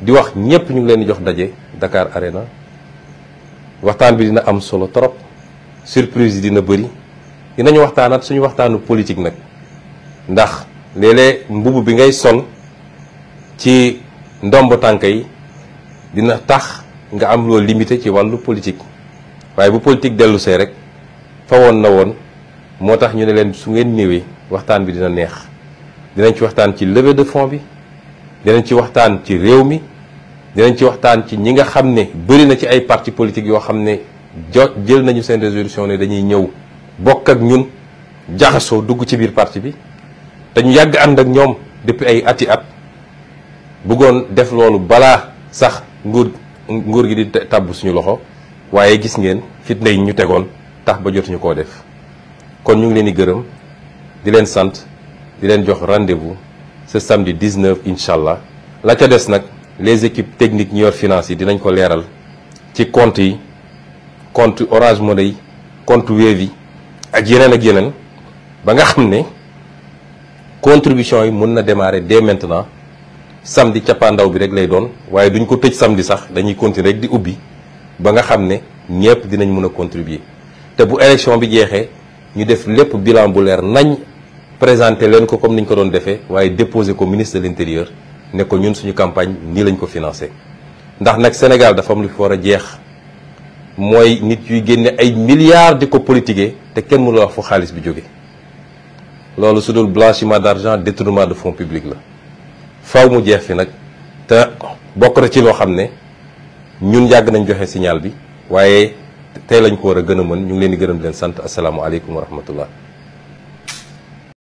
di wax ñëpp ñu ngi leen di jox daje Dakar Arena waxtaan bi dina am solo trop surprise yi dina bëri dinañu waxtaanaat suñu waxtaanu politique nag ndax léeg mbubb bi ngay sol ci ndomb tànk yi dina tax nga am loo limité ci wàllu politique waaye bu politique dellu see rek fa woon na woon moo tax ñu ne leen su ngeen ñëwee waxtaan bi dina neex dinañ ci waxtaan ci levée de fonds bi dinañ ci waxtaan ci réew mi dinañ ci waxtaan ci ñi nga xam ne bëri na ci ay parti politique yoo xam ne jo jël nañu seen résolution ne dañuy ñëw bokk ak ñun jaxasoo dugg ci biir parti bi dañu yàgg ànd ak ñoom depuis ay ati at bëggoon def loolu balaa sax nguur nguur gi di tàbb suñu loxo waaye gis ngeen fitna yi ñu tegoon tax ba jotuñu koo def kon ñu ngi leen di gërëm di leen sant di leen jox rendez-vous ce samedi 19 Inch'Allah. la ca des les équipes techniques ñu yor finance yi dinañ ko ci compte compte Orange Money compte Wave et ak yeneen ak yeneen ba nga contribution yi démarrer dès maintenant samedi cappaandaw bi rek lay doon waaye duñ ko tëj samedi sax dañuy continuer rek di ubbi ba nga xam ne tout dinañ monde contribuer Et bu élection bi jeexee ñu def lépp bilan bu leer présenté leen comme ni ñu ko doon defee comme ko ministre de l'Intérieur, intérieur ne ko ñun suñu campagne ni lañ ko financé ndax nag Sénégal dafa am lu fi war moi, jeex mooy nit un milliard ay milliards di quel politiquer te kenn mënul wax fu xaalis bi jóge loolu su blanchiment d'argent, argent détournement de fonds publics la faw mu jeex fi nag te bokk na ci loo xam ne ñun yàgg nañ joxe signal bi waaye tey lañ ko war a gën a mën ñu ngi leen di wa rahmatullah